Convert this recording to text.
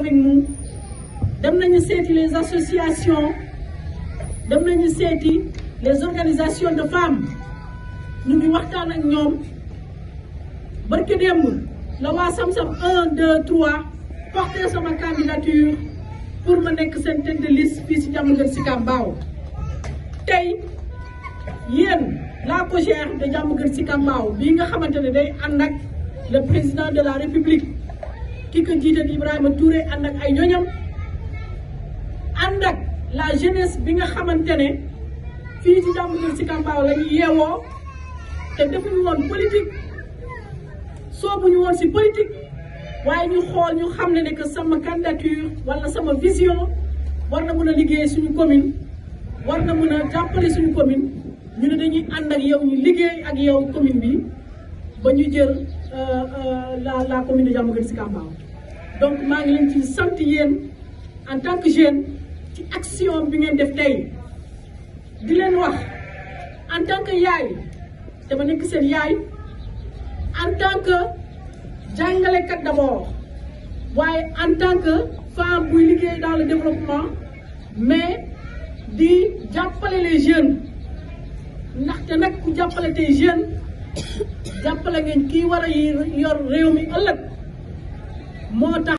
nous avons les associations les organisations de femmes Nous ngi waxtaan ak nous barke la Samsam 1 2 3 portez-vous candidature pour ma candidature pour tête de liste fii si Diamaguène la COJER de Diamaguène Sicap le président de la République ki ko jiital Ibrahima Touré ànd ak ay ñoñam ànd ak la jeunesse bi nga xamante ne fii ci Diambour Sicap Mbao la ñu yeewoo te defuñu woon politique ñu woon si politique waaye ñu xool ñu xam ne ne que sama candidature wala sama vision war na mën a liggéey suñu commune war na mën a jàppale suñu commune ñu ne dañuy ànd ak yow ñu liggéey ak yow commune bi ba ñu jël euh, euh, la la commune de Diamaguène sikambao donc je ngi leen ci en tant que jeune ci action bi vous def tey di leen wax en tant que yaay dama nekk seen yaay en tant que Kat d'abord waaye en tant que femme qui liggéey dans le développement mais di jàppale les jeunes ndaxte nak ku jàppale tay jeunes jàppale ngeen kii war a yor réew mi ëllëg moo tax